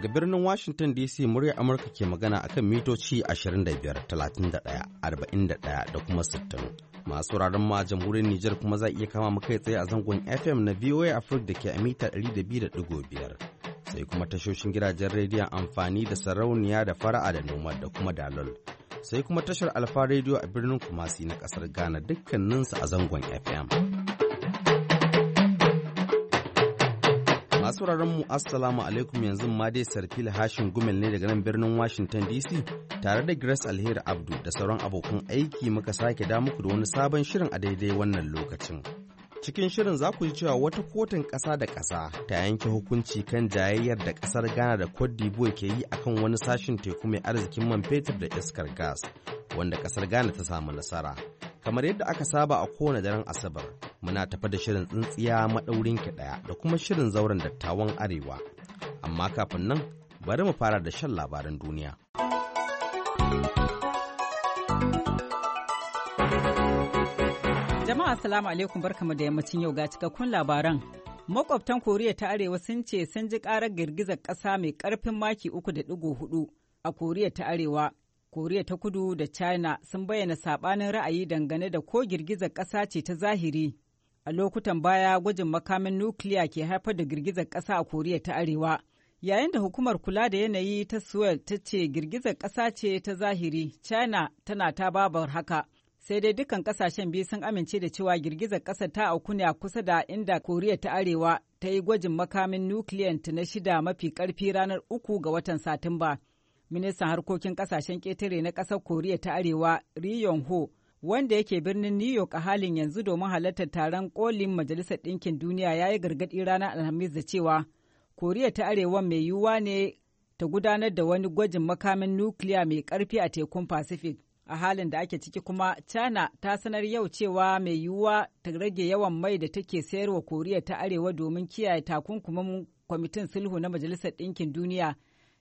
Daga birnin Washington DC murya Amurka ke magana akan mitoci 25, 31, 41 da kuma 60. Masu wuraren ma jamhuriyar Nijar kuma za iya kama mu kai tsaye a zangon FM na VOA Africa da ke a mita 200.5. Sai kuma tashoshin gidajen rediyon amfani da sarauniya da fara'a da noma da kuma dalol. Sai kuma tashar Alfa rediyo a birnin Kumasi na kasar Ghana dukkaninsu a zangon FM. Masu mu Assalamu alaikum yanzu ma dai Sarfil Hashin Gumel ne daga nan birnin Washington DC tare da Grace Alheri Abdu da sauran abokan aiki muka sake da muku da wani sabon shirin a daidai wannan lokacin. Cikin shirin za ku ji cewa wata kotun ƙasa da ƙasa ta yanke hukunci kan jayayyar da ƙasar Ghana da Cote d'Ivoire ke yi akan wani sashen teku mai arzikin man fetur da iskar gas wanda ƙasar Ghana ta samu nasara. Kamar yadda aka saba a kowane daren Asabar, muna tafa da shirin tsintsiya maɗaurin ki ɗaya da kuma shirin zauren dattawan arewa amma kafin nan bari mu fara da shan labaran duniya jama'a Salamu alaikum barkamu da yammacin yau ga cikakkun labaran makwabtan koriya ta arewa sun ce sun ji karar girgizar ƙasa mai ƙarfin maki uku da digo hudu a koriya ta arewa koriya ta kudu da china sun bayyana saɓanin ra'ayi dangane da ko girgizar ƙasa ce ta zahiri a lokutan baya gwajin makamin nukiliya ke haifar da girgizar ƙasa a koriya ta arewa yayin da hukumar kula da yanayi ta suwel ta ce girgizar ƙasa ce ta zahiri china tana ta babar haka sai dai dukkan kasashen biyu sun amince da cewa girgizar ƙasa ta auku ne a kusa da inda koriya ta arewa ta yi gwajin makamin nukiliyanta na shida mafi ƙarfi ranar uku ga watan satumba ministan harkokin kasashen ƙetare na ƙasar koriya ta arewa ri yong ho wanda yake birnin New York a halin yanzu domin halartar taron kolin Majalisar Ɗinkin Duniya ya yi gargaɗi ranar Alhamis da cewa Koriya ta Arewa mai yiwuwa ne ta gudanar da wani gwajin makamin nukiliya mai karfi a tekun Pacific. A halin da ake ciki kuma China ta sanar yau cewa mai yiwuwa ta rage yawan mai da take sayarwa Koriya ta Arewa domin kiyaye takunkumin kwamitin sulhu na Majalisar Ɗinkin Duniya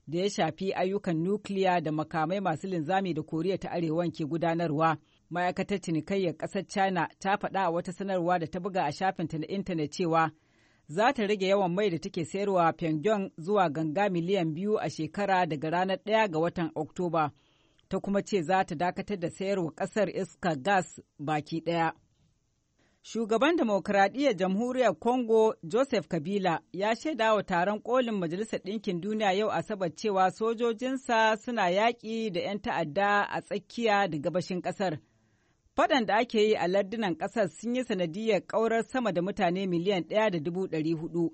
da ya shafi ayyukan nukiliya da makamai masu linzami da Koriya ta arewa ke gudanarwa. ma'aikatar cinikayyar ƙasar china ta faɗa a wata sanarwa da ta buga a shafinta na intanet cewa za ta rage yawan mai da take sayarwa pyongyang zuwa ganga miliyan biyu a shekara daga ranar ɗaya ga watan oktoba ta kuma ce za ta dakatar da sayarwa ƙasar iska gas baki ɗaya shugaban demokuraɗiyyar jamhuriyar congo joseph kabila ya shaida wa taron kolin majalisar ɗinkin duniya yau asabar cewa sojojinsa suna yaƙi da 'yan ta'adda a tsakiya da gabashin ƙasar Fadan da ake yi a lardunan ƙasar sun yi sanadiyar ƙaurar sama da mutane miliyan ɗaya da dubu ɗari hudu.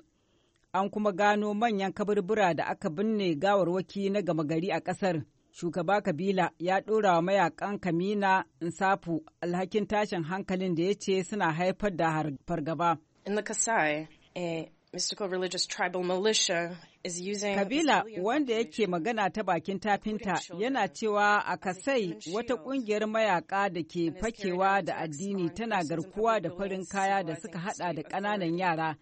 An kuma gano manyan kaburbura da aka binne gawarwaki na gama gari a ƙasar. Shugaba Kabila ya ɗora wa mayakan Kamina Nsafu alhakin tashin hankalin da ya ce suna haifar da fargaba. In the Kasai, a eh, mystical religious tribal militia Kabila wanda yake magana ta bakin tafinta yana cewa a Kasai wata kungiyar mayaka da ke fakewa da addini tana garkuwa da farin kaya da suka hada da kananan yara,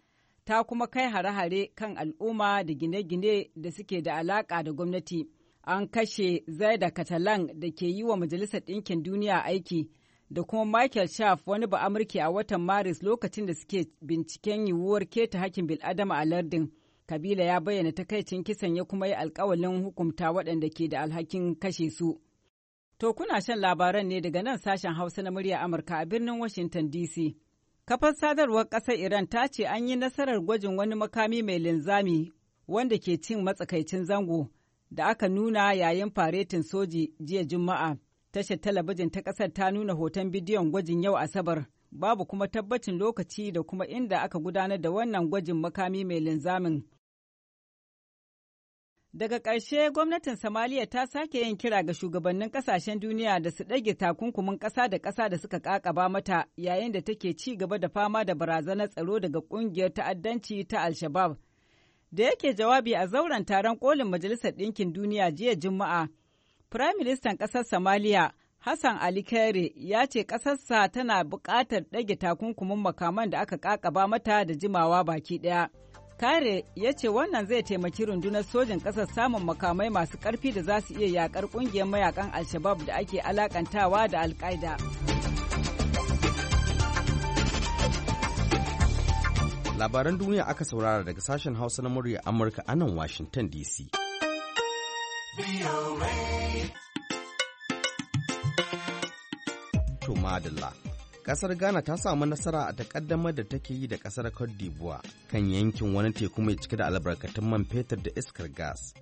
ta kuma kai hare-hare kan al'umma da gine-gine da suke da alaƙa da gwamnati. An kashe Zaida katalan da ke yi wa Majalisar Ɗinkin Duniya aiki. da kuma Michael Schaaf wani ba amurki a watan Maris lokacin da suke binciken yiwuwar keta hakkin bil'adama a lardin. Kabila ya bayyana takaicin kisan ya kuma yi alkawalin hukunta waɗanda ke da alhakin kashe su. To kuna shan labaran ne daga nan sashen Hausa na murya Amurka a birnin Washington DC. Kafar sadarwar ƙasar Iran ta ce an yi nasarar gwajin wani makami mai linzami wanda ke cin matsakaicin zango da aka nuna yayin faretin soji jiya Juma'a. Tashar talabijin ta ƙasar ta nuna hoton bidiyon gwajin yau Asabar. Babu kuma tabbacin lokaci da kuma inda aka gudanar da wannan gwajin makami mai linzamin. Daga ƙarshe gwamnatin Somaliya ta sake yin kira ga shugabannin ƙasashen duniya da su ɗage takunkumin ƙasa da ƙasa da suka ƙaƙaba mata yayin da take ci gaba da fama da barazanar tsaro daga ƙungiyar ta'addanci ta al shabaab Da yake jawabi a zauren taron ƙolin Majalisar Ɗinkin Duniya jiya Juma'a, Firayim Ministan ƙasar Somaliya Hassan Ali Kere ya ce ƙasarsa tana buƙatar ɗage takunkumin makaman da aka ƙaƙaba mata da jimawa baki ɗaya. Kare ya ce wannan zai taimaki rundunar sojin ƙasar samun makamai masu ƙarfi da za su iya yaƙar ƙungiyar mayakan Alshabab da ake alaƙantawa da alƙaida. Labaran duniya aka saurara daga sashen Hausa na murya Amurka a nan Washington DC. To Kasar Ghana ta samu nasara a takaddamar da take yi da kasar Cote d'Ivoire kan yankin wani teku mai cike da albarkatun man fetur da iskar gas.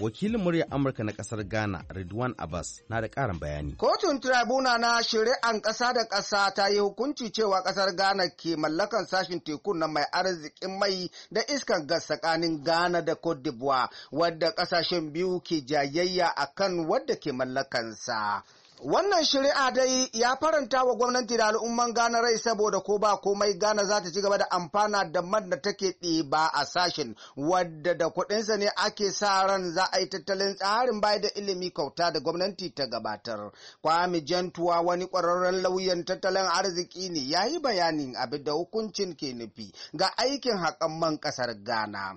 wakilin Murya amurka na kasar ghana ridwan abbas na da karin bayani kotun tribuna na shari'an ƙasa da ƙasa ta yi hukunci cewa ƙasar ghana ke mallakan sashen tekun na mai arzikin mai da iskan gas tsakanin ghana da cote d'ivoire wadda ƙasashen biyu ke jayayya akan wadda ke mallakansa Wannan shari'a dai ya faranta wa gwamnati da al'umman gana rai saboda ko ba komai Ghana za ta ci gaba da amfana da man da take ɗiba a sashen wadda da kuɗinsa ne ake sa ran za a yi tattalin tsarin bai da ilimi kauta da gwamnati ta gabatar. Kwami Jantuwa wani ƙwararren lauyan tattalin arziki ne ya yi bayanin abin da hukuncin ke nufi ga aikin haƙan man ƙasar Ghana.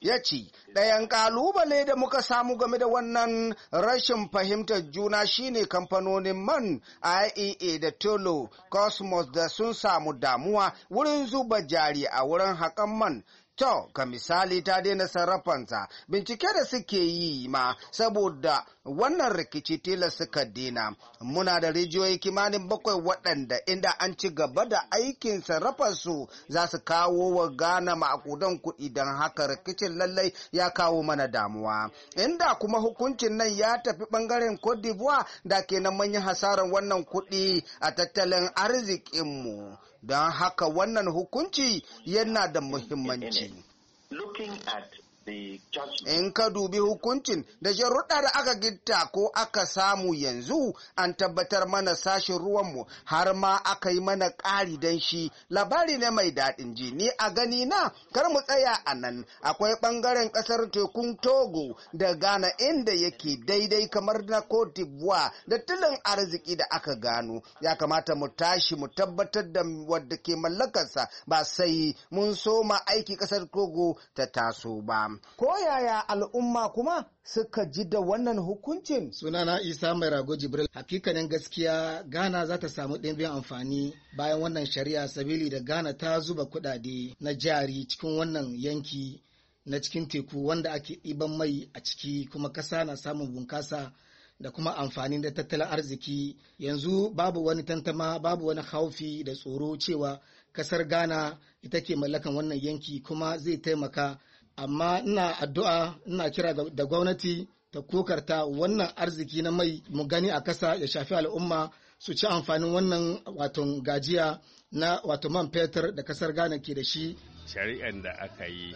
Ya ce, ɗayan ƙalubale da muka samu game da wannan rashin rashin fahimtar juna shine kamfanonin man IEA da Tolo Cosmos da sun samu damuwa wurin zuba jari a wurin haƙan man To, ga misali ta daina sarrafansa, bincike da suke yi ma saboda wannan rikici tela suka dina. Muna da rijiyoyi kimanin bakwai waɗanda inda an ci gaba da aikin sarrafansu za su kawo wa gana ma'akudan kuɗi don haka rikicin lallai ya kawo mana damuwa. Inda kuma hukuncin nan ya tafi ɓangaren Cote d'Ivoire da kenan manyan hasaran wannan kuɗi a tattalin arzikinmu. don haka wannan hukunci yana da muhimmanci. In ka dubi hukuncin da sharuɗa da aka gitta ko aka samu yanzu an tabbatar mana sashin ruwanmu har ma aka yi mana ƙari don shi labari ne mai daɗin ji ni a gani na kar mu tsaya a nan akwai ɓangaren ƙasar tekun Togo da Ghana inda yake daidai kamar na Cote d'Ivoire da tilin arziki da aka gano ya kamata mu tashi mu tabbatar da wadda ke mallakarsa ba sai mun soma aiki ƙasar Togo ta taso ba. Ko yaya al'umma kuma suka ji da wannan hukuncin? Sunana Isa Mai Rago Jibril. Hakikanin gaskiya Ghana za ta samu ɗimbin amfani bayan wannan shari'a sabili da Ghana ta zuba kuɗaɗe na jari cikin wannan yanki na cikin teku wanda ake ɗiban mai a ciki kuma ƙasa na samun bunƙasa da kuma amfani da tattalin arziki yanzu babu wani tantama babu wani haufi da tsoro cewa ƙasar ghana ita ke mallakan wannan yanki kuma zai taimaka amma ina addu'a ina kira da gwamnati ta kokarta wannan arziki na mai mu gani a kasa ya shafi al'umma su ci amfanin wannan wato gajiya na wato man fetur da kasar ghana ke da shi shari'ar da aka yi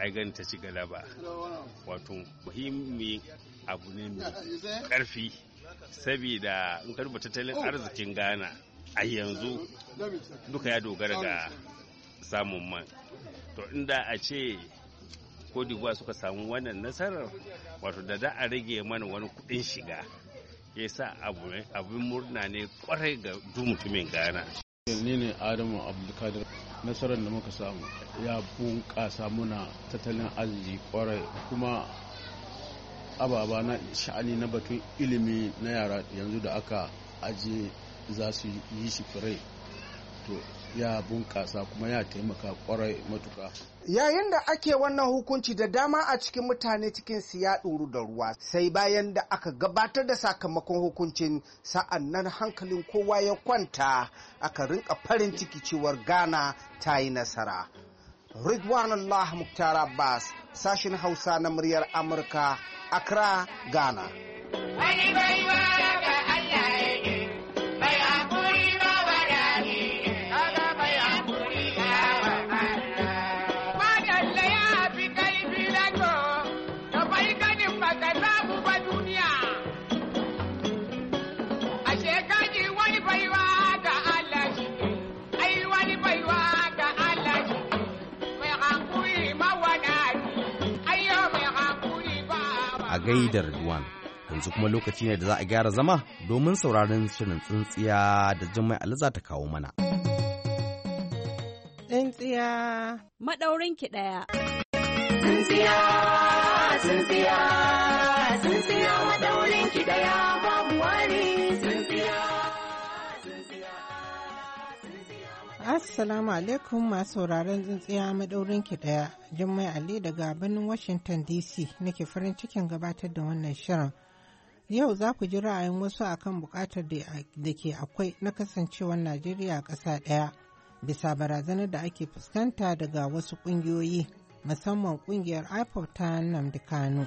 aiganta ci galaba wato muhimmi abu ne mai karfi saboda in karba tattalin arzikin ghana a yanzu duka ya dogara ga samun man to inda a ce cote suka samu wannan nasarar wato da za a rage mana wani kuɗin shiga ya sa abin murna ne kwarai ga duk mutumin gana. ne ne adamu abdulkadir nasarar da muka samu ya bunƙasa muna tattalin arziki kwarai kuma ababa na sha'ani na batun ilimi na yara yanzu da aka aje za su yi shi fure to ya bunƙasa kuma ya taimaka kwarai matuka. Yayin da ake wannan hukunci da dama a cikin mutane cikin su ya ɗoru da ruwa sai bayan da aka gabatar da sakamakon hukuncin sa'an nan hankalin kowa ya kwanta aka rinka farin ciki cewar Ghana ta yi nasara. Ridwan Allah Muktar Abbas sashin Hausa na muryar Amurka Accra Ghana. da Ridwan. Yanzu kuma lokaci ne da za a gyara zama domin sauraron shirin tsintsiya da Jummai Aliza ta kawo mana. Tsintsiya. Maɗaurin ki ɗaya. Tsintsiya, tsintsiya, tsintsiya maɗaurin ki ɗaya. Assalamu alaikum masu sauraron tsintsiya madaurin ki daya Jummai Ali daga birnin Washington DC nake farin cikin gabatar da wannan shirin. Yau za ku ji ra'ayin wasu akan bukatar da ke akwai na kasancewar Najeriya ƙasa ɗaya bisa barazanar da ake fuskanta daga wasu ƙungiyoyi musamman ƙungiyar IPOP ta Nnamdi Kano.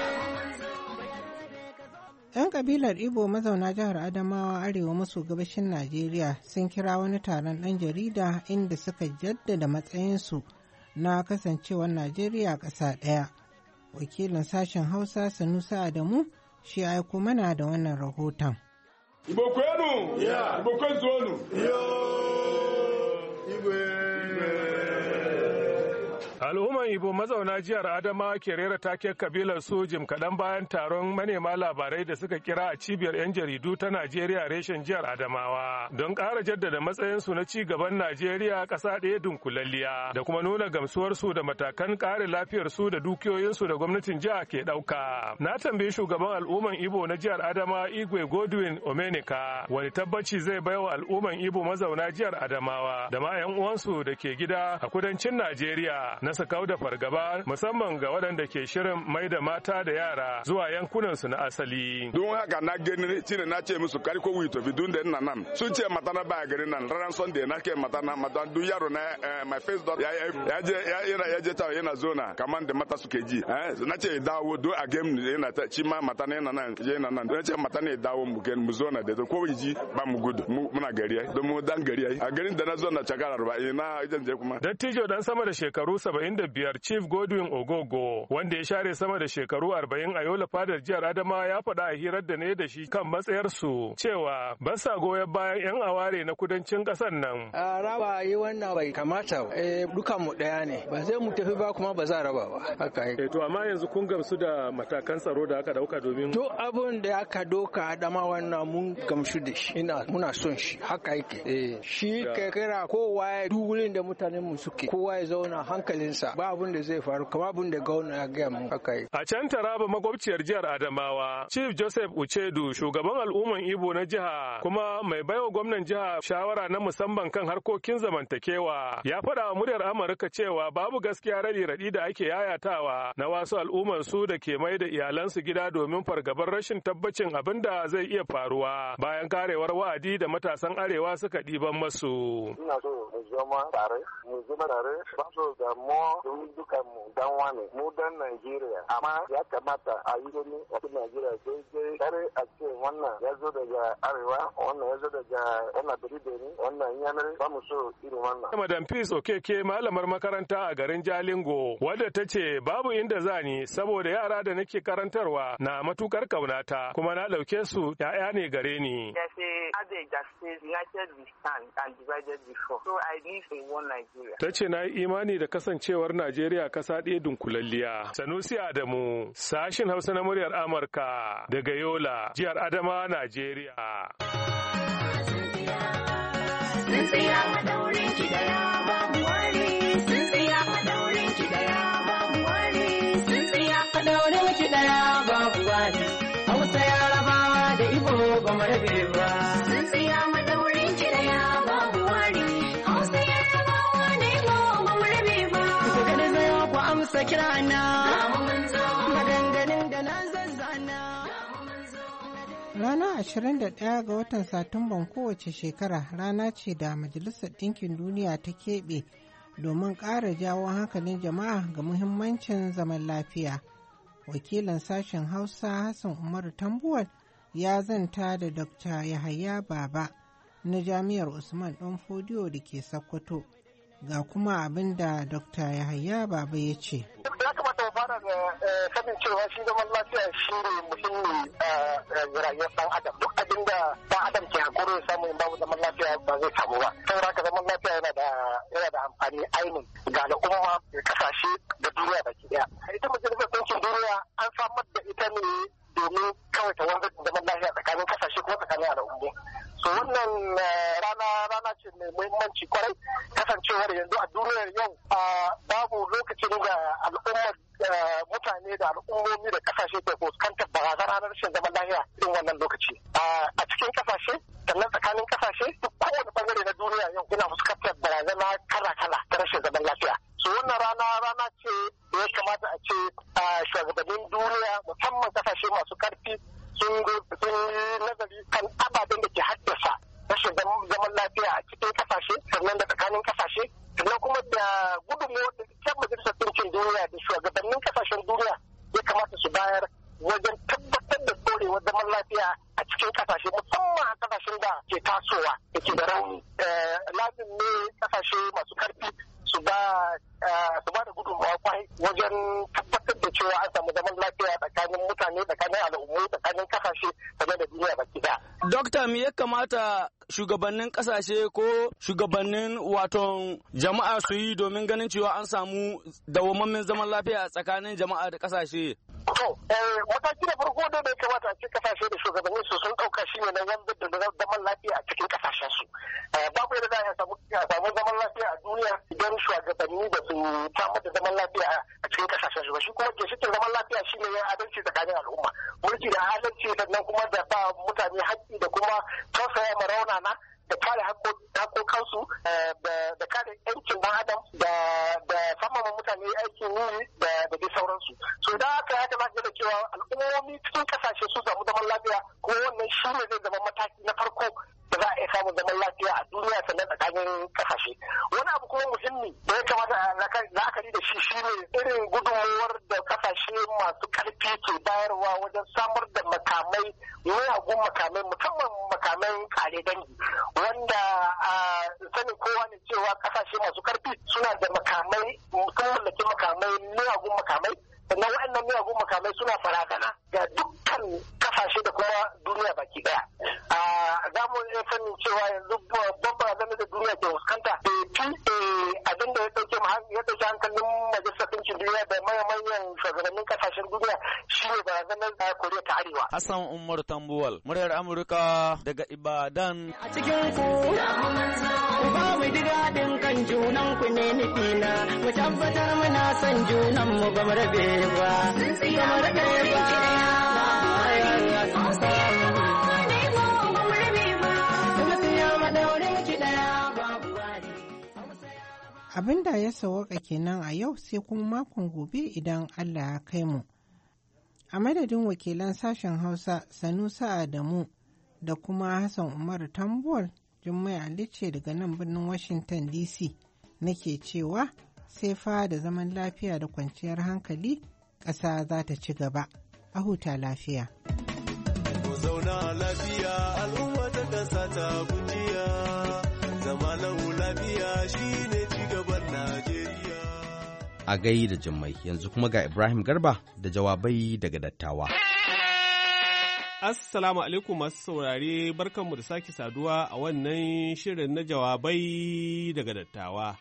'Yan kabilar Igbo mazauna jihar Adamawa Arewa maso gabashin Najeriya sun kira wani taron ɗan jarida inda suka jaddada matsayinsu na kasancewar Najeriya ƙasa ɗaya. Wakilin sashen Hausa Sanusa Adamu shi aiko mana da wannan rahoton. Ibo kwenu! Al'umman Ibo mazauna jihar Adama ke rera take kabilar su jim kaɗan bayan taron manema labarai da suka kira a cibiyar 'yan jaridu ta Najeriya reshen jihar Adamawa don ƙara jaddada matsayinsu na ci gaban Najeriya ƙasa ɗaya dunkulalliya da kuma nuna gamsuwarsu da matakan ƙare lafiyarsu da dukiyoyinsu da gwamnatin jiha ke ɗauka. Na tambayi shugaban al'umman Ibo na jihar Adama Igwe Godwin Omenika wani tabbaci zai baiwa al'umman Ibo mazauna jihar Adamawa da ma 'yan uwansu da ke gida a kudancin Najeriya na su kawo da fargaba musamman ga waɗanda ke shirin mai da mata da yara zuwa yankunan su na asali. Don haka na gani shine na ce musu kar ko wito bi dun da ina nan sun ce mata na baya gari nan ranar Sunday na ke mata na mata dun yaro na eh, my face dot ya je ya je ta yana zona kaman da mata suke ji eh, na ce dawo do a game yana ta ci ma mata na yana nan je yana nan na ce mata ne dawo mu gen mu zona da ko ji ba mu gudu muna gari ai don mu dan gari ai a garin da na zona cakara ba ina idan je kuma. Dattijo dan sama da shekaru 70 biyar Chief Godwin Ogogo wanda ya share sama da shekaru arba'in a yola fadar jihar Adama ya faɗa a hirar da ne da shi kan matsayarsu cewa ba sa goyon bayan 'yan aware na kudancin ƙasar nan. A raba yi wannan bai kamata eh dukan mu ɗaya ne ba zai mu tafi ba kuma ba za raba ba. Haka eh, to amma yanzu kun gamsu da matakan tsaro da aka dauka domin. to abun da aka doka Adama wannan mun gamsu da shi ina muna son shi haka yake. Eh shi kai kira kowa ya duk wurin da mutanen mu suke kowa ya zauna hankalinsa. nesa ba abun da zai faru kuma abun da gauna ya gaya mu aka yi. A can Taraba makwabciyar jihar Adamawa, Chief Joseph Uchedu shugaban al'umman Ibo na jiha kuma mai baiwa gwamnan jiha shawara na musamman kan harkokin zamantakewa ya faɗa wa muryar Amurka cewa babu gaskiya raɗi raɗi da ake yayatawa na wasu al'umman su da ke mai da iyalansu gida domin fargabar rashin tabbacin abin da zai iya faruwa bayan karewar wa'adi da matasan arewa suka ɗiban masu. Ina so mu zama tare, mu zama tare, ba so damuwa domin dukan mu dan wane mu dan Najeriya amma ya kamata a yi gani a cikin Najeriya daidai kare a ce wannan ya zo daga arewa wannan ya zo daga wannan biribiri wannan yanar ba mu so irin wannan. Madam Peace Okeke malamar makaranta a garin Jalingo wadda ta ce babu inda za ni saboda yara da nake karantarwa na matukar kaunata kuma na ɗauke su ya'ya ne gare ni. Ta ce na yi imani da kasance cewar Najeriya kasa ɗaya dunkulalliya. Sanusi Adamu, sashin Hausa na muryar Amurka daga Yola, jihar Adama Najeriya. Sun tsaya madaurin da Ibo ba ba. Sun Ranar 21 ga watan Satumban kowace shekara rana ce da Majalisar Ɗinkin Duniya ta keɓe domin ƙara jawo hankalin jama'a ga muhimmancin zaman lafiya. Wakilan sashen Hausa Hassan Umar Tambuwal ya zanta da Dr. Yahaya Baba na Jami'ar Usman ɗan Fodiyo da ke Sokoto. Ga kuma abin da Dr. Yahaya Baba ya ce. fara da eh, sanin cewa shi zaman lafiya shi ne muhimmi a eh, eh, rayuwar dan adam duk abin da dan adam ke hakuri ya samu babu zaman lafiya ba zai samu ba saboda haka zaman lafiya yana da yana da amfani ainin ga al'umma da kasashe da duniya baki daya ita majalisar ɗinkin duniya an samar da ita ne domin kawai ta wanzar da zaman lafiya tsakanin kasashe ko tsakanin al'umma Su wannan eh, rana rana ce mai muhimmanci kwarai kasancewar yanzu a duniyar yau babu lokacin da al'ummar eh, mutane da al'ummomi da kasashe ke fuskantar barazana na rashin zaman lafiya irin wannan lokaci a cikin kasashe sannan tsakanin kasashe duk kowane bangare na duniya yau yana fuskantar barazana kala-kala ta rashin zaman lafiya so wannan rana rana ce da ya kamata a ce shugabannin duniya musamman kasashe masu karfi sun yi nazari kan ababen da ke haddasa rashin zaman lafiya a cikin kasashe sannan da tsakanin kasashe sannan kuma da gudunmu da kyan majalisar ɗinkin duniya da shugabannin kasashen duniya ya kamata su bayar wajen tabbatar da ɗorewar zaman lafiya a cikin kasashe musamman a kasashen da ke tasowa da ke da rauni eh, lazim ne kasashe masu karfi su ba eh, da gudunmawa kwai wajen tabbatar cewa an samu zaman lafiya tsakanin mutane tsakanin al'ummu tsakanin kasashe game da duniya baki da. Dokta me ya kamata shugabannin kasashe ko shugabannin wato jama'a su yi domin ganin cewa an samu dawwammamin zaman lafiya tsakanin jama'a da kasashe. To, eh, mataki da farko da ya kamata a cikin kasashe da shugabanni su sun ɗauka shi ne na wanzar da zaman lafiya a cikin kasashen su. Eh, babu yadda za a samu zaman lafiya a duniya idan shugabanni ba su samar da zaman lafiya a cikin kasashen su ba. Shi kuma ginshikin zaman lafiya shi ne ya adalci tsakanin al'umma. Mulki da adalci sannan kuma da ba mutane haƙƙi da kuma tausaya marauna raunana da kare hakokansu eh, da kare yankin dan adam da samama mutane aiki yi da dai sauransu so da haka ya kamata da cewa al'ummomi cikin kasashe su samu zaman lafiya kuma wannan shi ne zai zama mataki na farko da za a iya samun zaman lafiya a duniya sannan tsakanin kasashe wani abu kuma muhimmi da ya kamata la'akari da shi shi ne irin gudunmuwar ne masu karfi ke bayarwa wajen samar da makamai miyagun makamai musamman makamai kare dangi wanda sanin kowa ne cewa kasashe masu karfi suna da makamai sun mallaki makamai miyagun makamai sannan waɗannan miyagun makamai suna farazana ga dukkan kasashe da kuma duniya baki daya za mu iya sanin cewa yanzu babban barazanar da duniya ke fuskanta abin da ya dauke ya dauke hankalin majalisar ɗinkin duniya da manyan shugabannin kasashen duniya shine barazanar da Koriya ta Arewa. Hassan Umar Tambuwal, muryar Amurka daga Ibadan. A cikin ku ba mu ji daɗin kan junan ku ne nufi na mu tabbatar muna son junan mu ba mu rabe ba. tsaye mu rabe ba. Abin da ya sawaka kenan a yau sai kuma makon gobe idan Allah ya kai mu. A madadin wakilan sashen Hausa Sanusa Adamu da kuma Hassan Umaru Tambuwal Jummai Ali ce daga nan birnin Washington DC nake cewa sai fa da zaman lafiya da kwanciyar hankali ƙasa za ta ci gaba. A huta lafiya. Ku zauna lafiya al'umma ta ƙasa ta a gai da jimmai yanzu kuma ga Ibrahim Garba da jawabai daga dattawa. Assalamu alaikum masu saurare barkan mu da sake saduwa a wannan shirin na jawabai daga dattawa.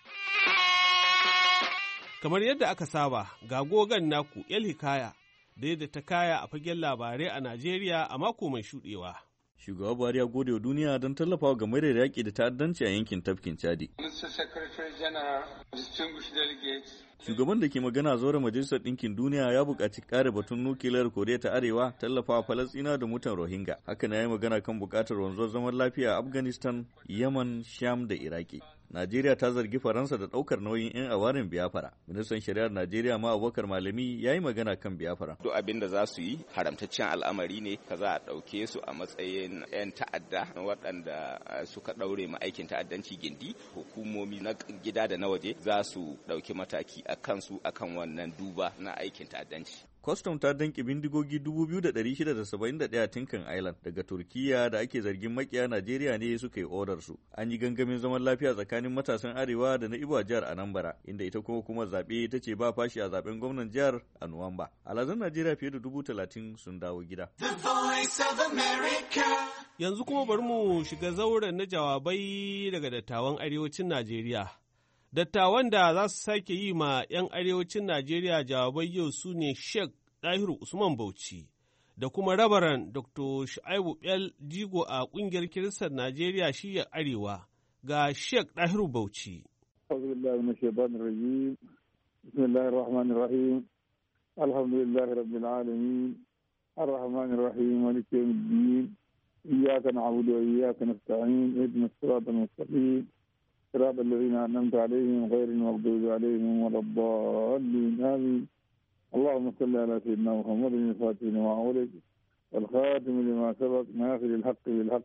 Kamar yadda aka saba, ga gogan naku El Hikaya, da ta kaya a fagen labarai a Najeriya a mako mai shuɗewa. Shugaba Buhari ya gode wa duniya don tallafawa ga da yaƙi da ta'addanci a yankin tafkin Chadi. Mr. Secretary General, distinguished delegates, Shugaban da ke magana zaure Majalisar Ɗinkin Duniya ya buƙaci ƙara batun nukiliyar Koriya ta Arewa tallafawa falastina da mutan Rohingya. Haka na yi magana kan buƙatar wanzuwar zaman lafiya a Afghanistan, Yaman, Sham da Iraki. Najeriya ta zargi Faransa da ɗaukar nauyin 'yan awarin biyafara. Ministan shari'ar Najeriya ma Abubakar Malami ya yi magana kan biyafara. Duk abin da za su yi haramtaccen al'amari ne ka za a ɗauke su a matsayin 'yan ta'adda waɗanda eh, suka ɗaure ma aikin ta'addanci gindi hukumomi na gida da na waje za su ɗauki mataki a kansu akan wannan duba na aikin ta'addanci. Kwastam ta danƙe bindigogi 2,671 a Tinkan Island daga Turkiyya da ake zargin makiya Najeriya ne suka yi odar su. An yi gangamin zaman lafiya tsakanin matasan Arewa da na Ibo a jihar Anambra, inda ita kuma kuma zaɓe ta ce ba fashi a zaɓen gwamnan jihar a Nuwamba. Alazan Najeriya fiye da dubu talatin sun dawo gida. Yanzu kuma bari mu shiga zauren na jawabai daga dattawan arewacin Najeriya. Dattawan da za su sake yi ma 'yan arewacin Najeriya jawabai yau su ne Sheikh Dahiru Usman Bauchi da kuma rabaran Dr. Shu'aibu Bel Jigo a ƙungiyar Kiristan Najeriya shiyar Arewa ga Sheikh Dahiru Bauchi. بسم الله الرحمن الرحيم الحمد لله رب العالمين الرحمن الرحيم مالك يوم الدين إياك نعبد صراط الذين أنعمت عليهم غير المغضوب عليهم ولا الضالين آمين اللهم صل على سيدنا محمد الفاتح وما ولد والخاتم لما سبق ناخذ الحق بالحق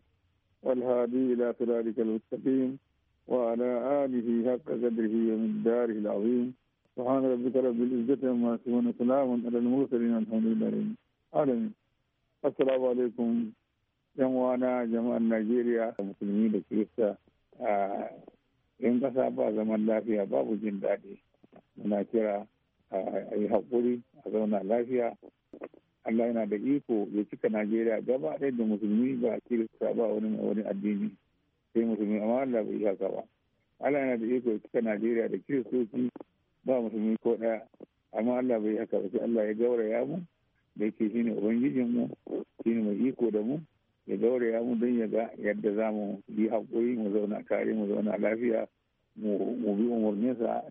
والهادي إلى صراطك المستقيم وعلى آله حق قدره ومن داره العظيم سبحان ربك رب العزة عما يصفون سلام على المرسلين الحمد لله آمين السلام عليكم جمعنا جمع نيجيريا المسلمين الكريسة آه، in ƙasa ba zaman lafiya babu jin daɗi muna kira a yi haƙuri a zauna lafiya Allah yana da iko ya cika Najeriya gaba ɗaya da musulmi ba a kirista ba wani wani addini sai musulmi amma Allah bai iya Allah yana da iko ya cika Najeriya da kiristoci ba musulmi ko ɗaya amma Allah bai iya sai Allah ya gauraya mu da yake shine ubangijin mu shine mai iko da mu ya gauraya mu don ya ga yadda za mu yi haƙuri mu zauna tare mu zauna lafiya mu bi umarninsa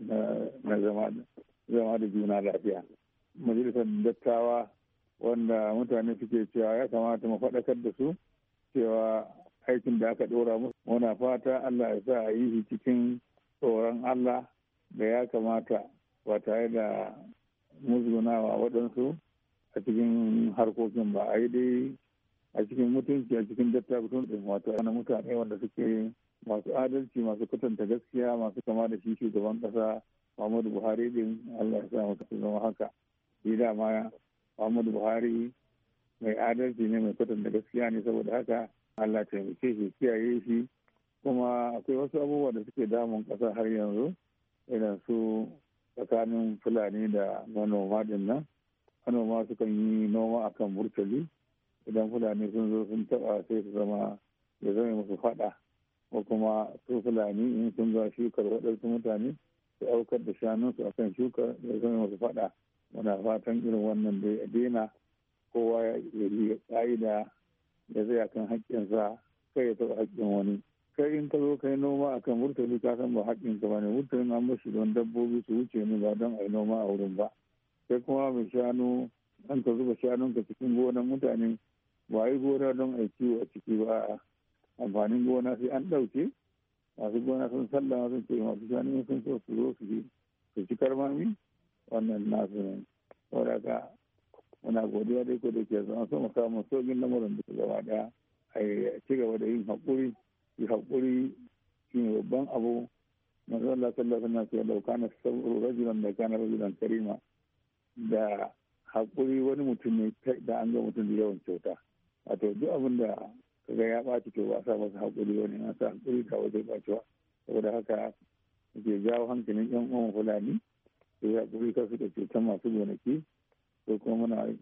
na zama da juna lafiya majalisar dattawa wanda mutane suke cewa ya kamata mu faɗakar da su cewa aikin da aka ɗora musu muna fata allah ya sa a yi shi cikin tsoron allah da ya kamata ba tare da musgunawa waɗansu a cikin harkokin ba a yi dai a cikin mutunci a cikin dattabutun ɗin wato ana mutane wanda suke masu adalci masu kwatanta gaskiya masu kama da shi shugaban ƙasa Muhammadu Buhari din Allah ya sa maka zama haka shi dama Muhammadu Buhari mai adalci ne mai kwatanta gaskiya ne saboda haka Allah taimake shi kiyaye shi kuma akwai wasu abubuwa da suke damun ƙasa har yanzu irin su tsakanin fulani da manoma din nan manoma sukan yi noma akan burtali idan fulani sun zo sun taɓa sai su zama ya zama musu faɗa ko kuma su fulani in sun zo shukar waɗansu mutane su aukar da shanunsu su shuka shukar ya zama musu faɗa muna fatan irin wannan da ya daina kowa ya yi ƙa'ida ya zai akan haƙƙinsa kai ya taɓa haƙƙin wani kai in ka zo ka noma akan kan murtali ka san ba haƙƙin ka bane murtalin an bashi don dabbobi su wuce ni ba don a yi noma a wurin ba sai kuma mai shanu an ka zuba shanunka cikin gonan mutane wayi gona don a yi kiwo a ciki ba amfanin gona sai an ɗauke masu gona sun sallama sun ce masu sani sun so su zo su su ci karmami wannan nasu ne saboda ka muna godiya dai ko da ke zama so mu samu sojin lamarin da gaba daya a ci gaba da yin haƙuri yi haƙuri shi ne babban abu manzo Allah sallallahu alaihi wasallam yadda dauka na sauro rajulan da kana rajulan karima da haƙuri wani mutum ne da an ga mutum da yawan kyauta wato duk abin da kaga ya ɓaci to ba sa masa haƙuri wani na sa haƙuri ka wajen saboda haka ke jawo hankalin yan uwan fulani su ya haƙuri ka su da cutar masu gonaki ko kuma muna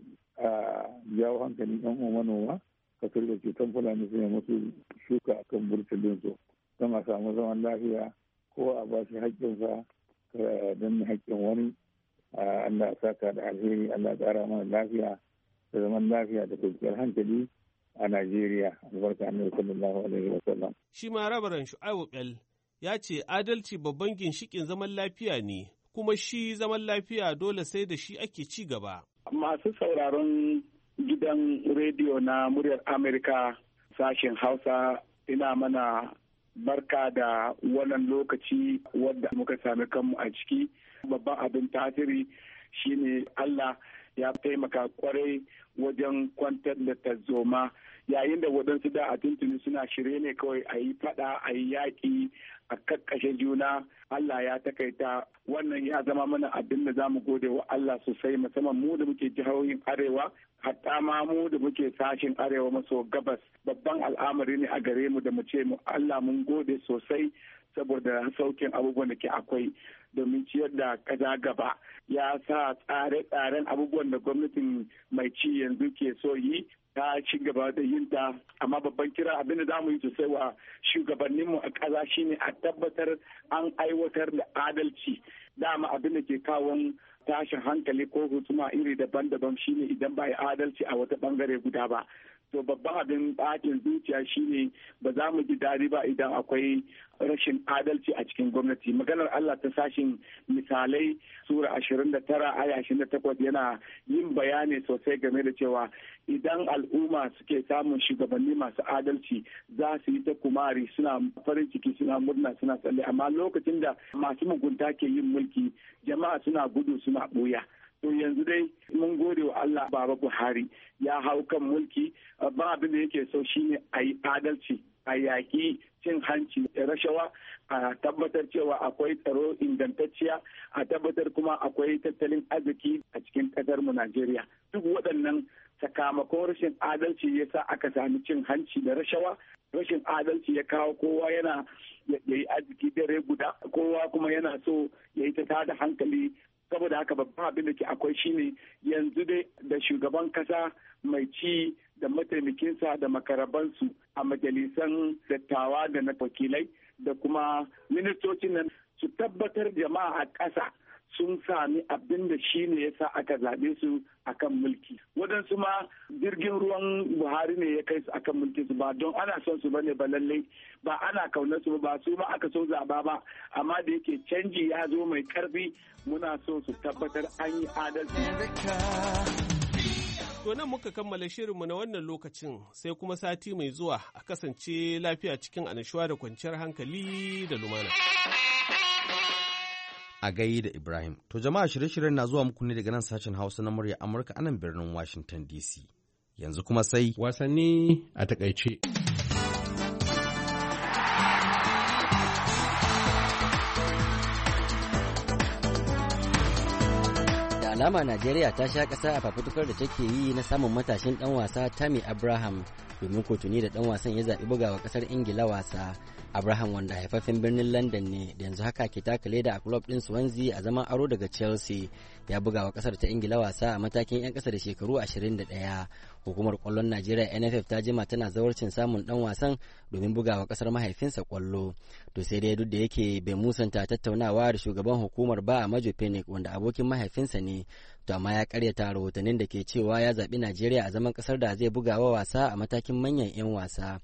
jawo hankalin yan uwan manoma ka su da cutar fulani su ne musu shuka a kan burtulin su don a samu zaman lafiya ko a ba shi sa don haƙƙin wani Allah saka da alheri Allah ƙara mana lafiya da zaman lafiya da kwanciyar hankali a Najeriya albarka annabi sallallahu alaihi wa sallam. Shi ma rabaran Shu'aibu Bel ya ce adalci babban ginshikin zaman lafiya ne kuma shi zaman lafiya dole sai da shi ake ci gaba. Masu sauraron gidan rediyo na muryar Amurka, sashen Hausa ina mana barka da wannan lokaci wadda muka sami kanmu a ciki babban abin tasiri shine Allah ya taimaka kwarai wajen kwantar da tazoma. yayin da waɗansu da a tuntuni suna shirye ne kawai a yi faɗa a yi yaƙi a kakkashe juna Allah ya takaita wannan ya zama mana abin da za mu gode wa Allah sosai musamman mu da muke jihohin arewa hatta ma mu da muke sashin arewa maso gabas babban al'amari ne a gare mu da mu ce mu Allah mun gode sosai saboda saukin abubuwan da ke akwai domin ciyar da kaza gaba ya sa tsare-tsaren abubuwan da gwamnatin mai ci yanzu ke so yi ta ci gaba da yin ta amma babban kira abin da zamu yi sosai wa shugabanninmu a ƙasa shine a tabbatar an aiwatar da adalci dama abin da ke kawon tashin hankali ko hutuma iri daban-daban shine idan ba adalci a wata bangare guda ba to babban abin bakin zuciya shine ba za mu ji dari ba idan akwai rashin adalci a cikin gwamnati maganar Allah ta sashin misalai sura 29 aya 28 yana yin bayani sosai game da cewa idan al'umma suke samun shugabanni masu adalci za su yi ta kumari suna farin ciki suna murna suna tsalle amma lokacin da masu mugunta ke yin mulki jama'a suna gudu suna ɓuya to yanzu dai mun gode wa Allah baba Buhari ya hau kan mulki ba abin da yake so shine a yi adalci a yaƙi cin hanci da rashawa a tabbatar cewa akwai tsaro ingantacciya a tabbatar kuma akwai tattalin arziki a cikin ƙasarmu Najeriya duk waɗannan sakamakon rashin adalci ya sa aka sami cin hanci da rashawa rashin adalci ya kawo kowa yana ya yi arziki dare guda kowa kuma yana so ya yi ta tada hankali saboda haka babban abin da ke akwai shi ne yanzu dai da shugaban kasa mai ci da mataimakinsa da makarabansu a majalisan dattawa da na wakilai da kuma ministocin nan su tabbatar jama'a a ƙasa sun sami abin da shi ne yasa aka zaɓe su akan mulki waɗansu ma jirgin ruwan buhari ne ya kai su akan mulki su ba don ana son su bane ba lallai ba ana kaunar su ba su ma aka so zaɓa ba amma da yake canji ya zo mai karfi muna so su tabbatar an yi To nan muka kammala shirinmu na wannan lokacin sai kuma sati mai zuwa a kasance lafiya cikin anishuwa da kwanciyar hankali da lumana. a gayi da Ibrahim. To jama'a shirye-shiryen na zuwa muku ne daga nan sashen Hausa na murya Amurka anan birnin Washington DC. Yanzu kuma sai wasanni a takaice. alama najeriya ta sha kasa a fafutukar da take yi na samun matashin ɗan wasa tammy abraham domin kotuni da ɗan wasan ya zaɓi bugawa kasar ingila wasa abraham wanda haifaffen birnin london ne da yanzu haka ke taka leda a club ɗin swansea a zaman aro daga chelsea ya bugawa ƙasar ta ingila wasa a matakin 'yan ƙasa da shekaru 21 hukumar kwallon najeriya nff ta jima tana zawarcin samun dan wasan domin bugawa kasar mahaifinsa kwallo to sai dai duk da yake bai musanta tattaunawa da shugaban hukumar ba a majo phoenix wanda abokin mahaifinsa ne to amma ya karyata rahotannin da ke cewa ya zaɓi najeriya a zaman kasar da zai bugawa wasa a matakin manyan 'yan wasa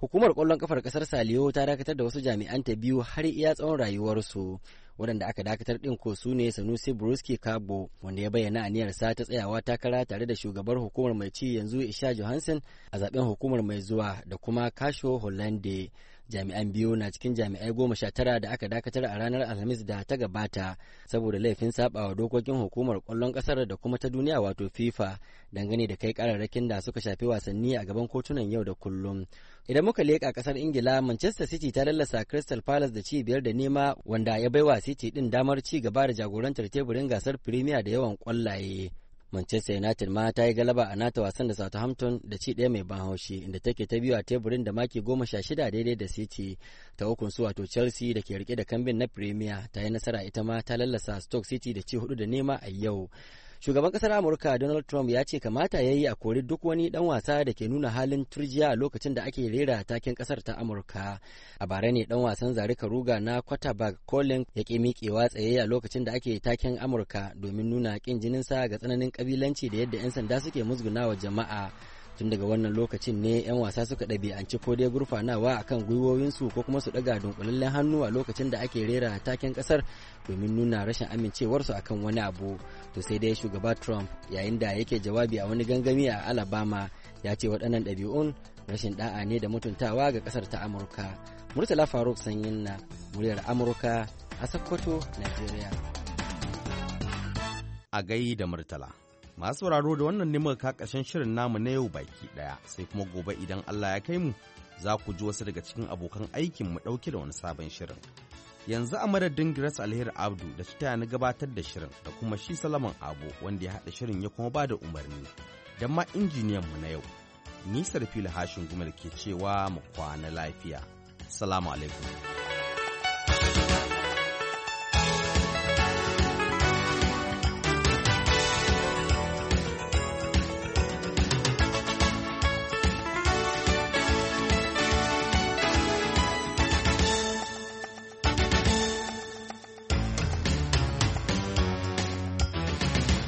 hukumar kwallon kafar kasar saliyo ta dakatar da wasu jami'an ta biyu har iya tsawon rayuwarsu waɗanda aka dakatar ɗin ko su ne sanusi buruski kabo wanda ya bayyana aniyarsa ta tsayawa takara tare da shugabar hukumar mai ci yanzu isha johansen a zaben hukumar mai zuwa da kuma kasho hollande jami'an biyu na cikin jami'ai goma sha tara da aka dakatar a ranar alhamis da ta gabata saboda laifin sabawa dokokin hukumar kwallon kasar da kuma ta duniya wato fifa dangane da kai kararrakin da suka shafi wasanni a gaban kotunan yau da kullum idan muka leƙa kasar ingila manchester city ta lallasa crystal palace da ci biyar da nema wanda ya baiwa city din damar ci gaba da jagorantar teburin gasar premier da yawan kwallaye Manchester United ma ta yi galaba a nata wasan da Southampton da ci ɗaya mai ban haushi inda take ta biyu a teburin da maki goma sha shida daidai da City ta ukun su wato Chelsea da ke rike da kambin na Premier ta yi nasara ita ma ta lallasa Stoke City da ci hudu da nema a yau. shugaban kasar amurka donald trump ya ce kamata ya yi a kori duk wani dan wasa da ke nuna halin turjiya a lokacin da ake rera takin kasar ta amurka a bara ne dan wasan zarika ruga na quarterback colin ya ke mikewa tsaye a lokacin da ake takin amurka domin nuna ƙin jininsa ga tsananin kabilanci da yadda 'yan sanda suke musgunawa jama'a tun daga wannan lokacin ne 'yan wasa suka ɗabi'anci ko dai gurfanawa a kan gwiwowinsu ko kuma su ɗaga dunkulallen hannu a lokacin da ake rera taken ƙasar domin nuna rashin amincewarsu a kan wani abu to sai dai shugaba trump yayin da yake jawabi a wani gangami a alabama ya ce waɗannan ɗabi'un rashin ɗa'a ne da mutuntawa ga ƙasar ta amurka murtala faruk sanyin na muryar amurka a sokoto nigeria a gai da murtala Masu sauraro da wannan neman ka ƙarshen shirin namu na yau baki ɗaya sai kuma gobe idan Allah ya kai mu za ku ji wasu daga cikin abokan aikin mu ɗauke da wani sabon shirin. Yanzu a madadin Grace Alheri Abdu da ta taya na gabatar da shirin da kuma shi Salaman abu wanda ya haɗa shirin ya kuma ba da umarni. Dan ma injiniyan mu na yau. Ni Sarfila Hashin Gumal ke cewa mu kwana lafiya. Salamu alaikum.